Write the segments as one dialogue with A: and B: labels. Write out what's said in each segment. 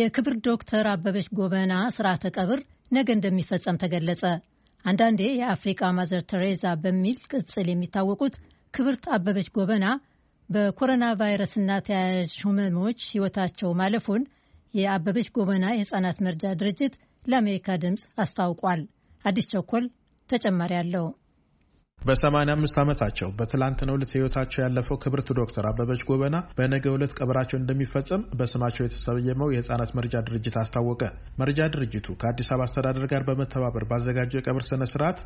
A: የክብር ዶክተር አበበች ጎበና ስርዓተ ቀብር ነገ እንደሚፈጸም ተገለጸ። አንዳንዴ የአፍሪቃ ማዘር ተሬዛ በሚል ቅጽል የሚታወቁት ክብርት አበበች ጎበና በኮሮና ቫይረስና ተያያዥ ህመሞች ህይወታቸው ማለፉን የአበበች ጎበና የህፃናት መርጃ ድርጅት ለአሜሪካ ድምፅ አስታውቋል። አዲስ ቸኮል ተጨማሪ አለው።
B: በ85 ዓመታቸው በትላንትናው ዕለት ህይወታቸው ያለፈው ክብርት ዶክተር አበበች ጎበና በነገ ዕለት ቀብራቸው እንደሚፈጸም በስማቸው የተሰየመው የህፃናት መርጃ ድርጅት አስታወቀ። መርጃ ድርጅቱ ከአዲስ አበባ አስተዳደር ጋር በመተባበር ባዘጋጀው የቀብር ስነ ስርዓት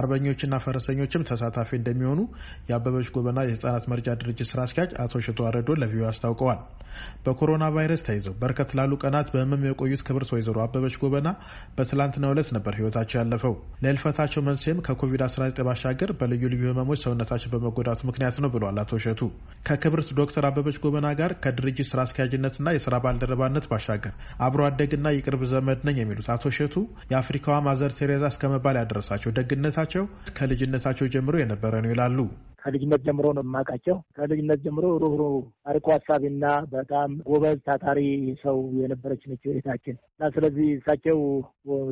B: አርበኞችና ፈረሰኞችም ተሳታፊ እንደሚሆኑ የአበበች ጎበና የህፃናት መርጃ ድርጅት ስራ አስኪያጅ አቶ ሽቶ አረዶ ለቪዮ አስታውቀዋል። በኮሮና ቫይረስ ተይዘው በርከት ላሉ ቀናት በህመም የቆዩት ክብርት ወይዘሮ አበበች ጎበና በትላንትናው ዕለት ነበር ህይወታቸው ያለፈው። ለህልፈታቸው መንስኤም ከኮቪድ-19 ባሻገር በልዩ ልዩ ህመሞች ሰውነታችን በመጎዳቱ ምክንያት ነው ብሏል አቶ እሸቱ። ከክብርት ዶክተር አበበች ጎበና ጋር ከድርጅት ስራ አስኪያጅነትና የስራ ባልደረባነት ባሻገር አብሮ አደግና የቅርብ ዘመድ ነኝ የሚሉት አቶ እሸቱ የአፍሪካዋ ማዘር ቴሬዛ እስከመባል ያደረሳቸው ደግነታቸው ከልጅነታቸው ጀምሮ የነበረ ነው ይላሉ።
C: ከልጅነት ጀምሮ ነው የማውቃቸው። ከልጅነት ጀምሮ ሩህሩህ አርቆ ሀሳቢና በጣም ጎበዝ ታታሪ ሰው የነበረች ነች እህታችን እና ስለዚህ እሳቸው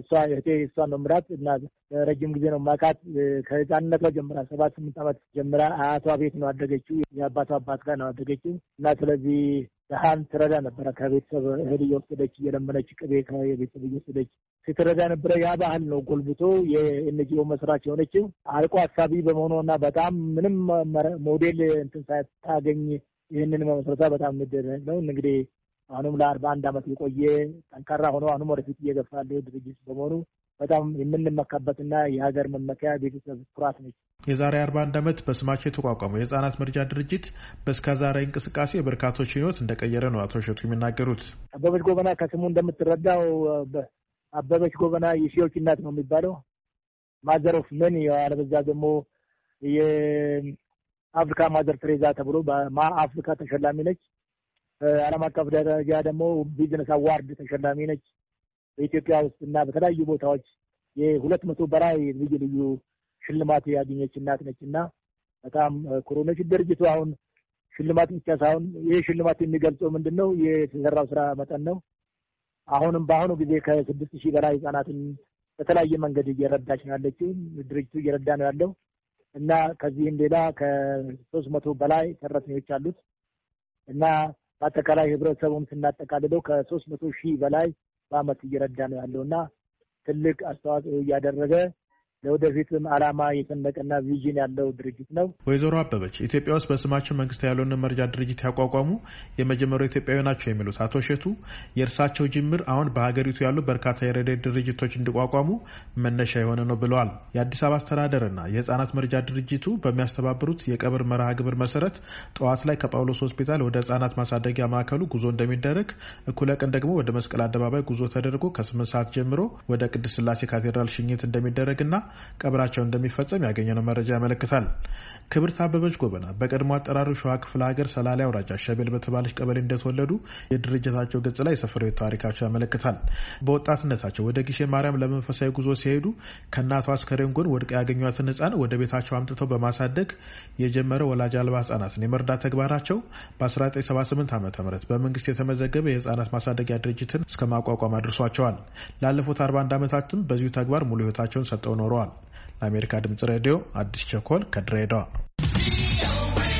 C: እሷ እህቴ እሷ ነው ምራት እና ረጅም ጊዜ ነው የማውቃት። ከህፃንነቷ ጀምራ ሰባት ስምንት ዓመት ጀምራ አያቷ ቤት ነው አደገችው። የአባቷ አባት ጋር ነው አደገችው እና ስለዚህ ድሃን ትረዳ ነበረ። ከቤተሰብ እህል እየወሰደች እየለመነች፣ ቅቤ ከቤተሰብ እየወሰደች ስትረዳ ነበረ። ያ ባህል ነው ጎልብቶ የኤንጂኦ መስራች የሆነችው አርቆ አሳቢ በመሆኗ እና በጣም ምንም ሞዴል እንትን ሳታገኝ ይህንን መመስረታ በጣም ምድር ነው እንግዲህ አሁንም ለአርባ አንድ ዓመት የቆየ ጠንካራ ሆኖ አሁንም ወደፊት እየገፋ ያለ ድርጅት በመሆኑ በጣም የምንመካበትና የሀገር መመኪያ ቤተሰብ ኩራት ነች።
B: የዛሬ አርባ አንድ ዓመት በስማቸው የተቋቋመው የህጻናት መርጃ ድርጅት ዛሬ እንቅስቃሴ የበርካቶች ህይወት እንደቀየረ ነው አቶ ሸቱ የሚናገሩት።
C: አበበች ጎበና ከስሙ እንደምትረዳው አበበች ጎበና የሺዎች እናት ነው የሚባለው። ማዘሮፍ ምን አለበዛ ደግሞ የአፍሪካ ማዘር ትሬዛ ተብሎ ማ አፍሪካ ተሸላሚ ነች። ዓለም አቀፍ ደረጃ ደግሞ ቢዝነስ አዋርድ ተሸላሚ ነች። በኢትዮጵያ ውስጥ እና በተለያዩ ቦታዎች የሁለት መቶ በላይ ልዩ ልዩ ሽልማት ያገኘች እናት ነች እና በጣም ኩሩ ነች። ድርጅቱ አሁን ሽልማት ብቻ ሳይሆን ይህ ሽልማት የሚገልጸው ምንድን ነው? የተሰራው ስራ መጠን ነው። አሁንም በአሁኑ ጊዜ ከስድስት ሺህ በላይ ህጻናትን በተለያየ መንገድ እየረዳች ነው ያለችው። ድርጅቱ እየረዳ ነው ያለው እና ከዚህም ሌላ ከሶስት መቶ በላይ ሰራተኞች አሉት እና በአጠቃላይ ህብረተሰቡም ስናጠቃልለው ከሶስት መቶ ሺህ በላይ በአመት እየረዳ ነው እና ትልቅ አስተዋጽኦ እያደረገ ለወደፊትም ዓላማ የሰነቀና ቪዥን ያለው ድርጅት ነው።
B: ወይዘሮ አበበች ኢትዮጵያ ውስጥ በስማቸው መንግስት ያለውን መርጃ ድርጅት ያቋቋሙ የመጀመሪያው ኢትዮጵያዊ ናቸው የሚሉት አቶ ሸቱ የእርሳቸው ጅምር አሁን በሀገሪቱ ያሉ በርካታ የረድኤት ድርጅቶች እንዲቋቋሙ መነሻ የሆነ ነው ብለዋል። የአዲስ አበባ አስተዳደርና የህጻናት መርጃ ድርጅቱ በሚያስተባብሩት የቀብር መርሃ ግብር መሰረት ጠዋት ላይ ከጳውሎስ ሆስፒታል ወደ ህጻናት ማሳደጊያ ማዕከሉ ጉዞ እንደሚደረግ፣ እኩለ ቀን ደግሞ ወደ መስቀል አደባባይ ጉዞ ተደርጎ ከስምንት ሰዓት ጀምሮ ወደ ቅድስት ስላሴ ካቴድራል ሽኝት እንደሚደረግና ቀብራቸው እንደሚፈጸም ያገኘነው መረጃ ያመለክታል። ክብርት አበበች ጎበና በቀድሞ አጠራሩ ሸዋ ክፍለ ሀገር ሰላሌ አውራጃ ሸቤል በተባለች ቀበሌ እንደተወለዱ የድርጅታቸው ገጽ ላይ የሰፈረ ታሪካቸው ያመለክታል። በወጣትነታቸው ወደ ጊሼ ማርያም ለመንፈሳዊ ጉዞ ሲሄዱ ከእናቷ አስከሬን ጎን ወድቃ ያገኟትን ሕፃን ወደ ቤታቸው አምጥተው በማሳደግ የጀመረ ወላጅ አልባ ሕጻናትን የመርዳት ተግባራቸው በ1978 ዓ ም በመንግስት የተመዘገበ የህፃናት ማሳደጊያ ድርጅትን እስከ ማቋቋም አድርሷቸዋል። ላለፉት 41 ዓመታትም በዚሁ ተግባር ሙሉ ህይወታቸውን ሰጠው ኖረዋል። ተናግረዋል። ለአሜሪካ ድምጽ ሬዲዮ አዲስ ቸኮል ከድሬዳዋ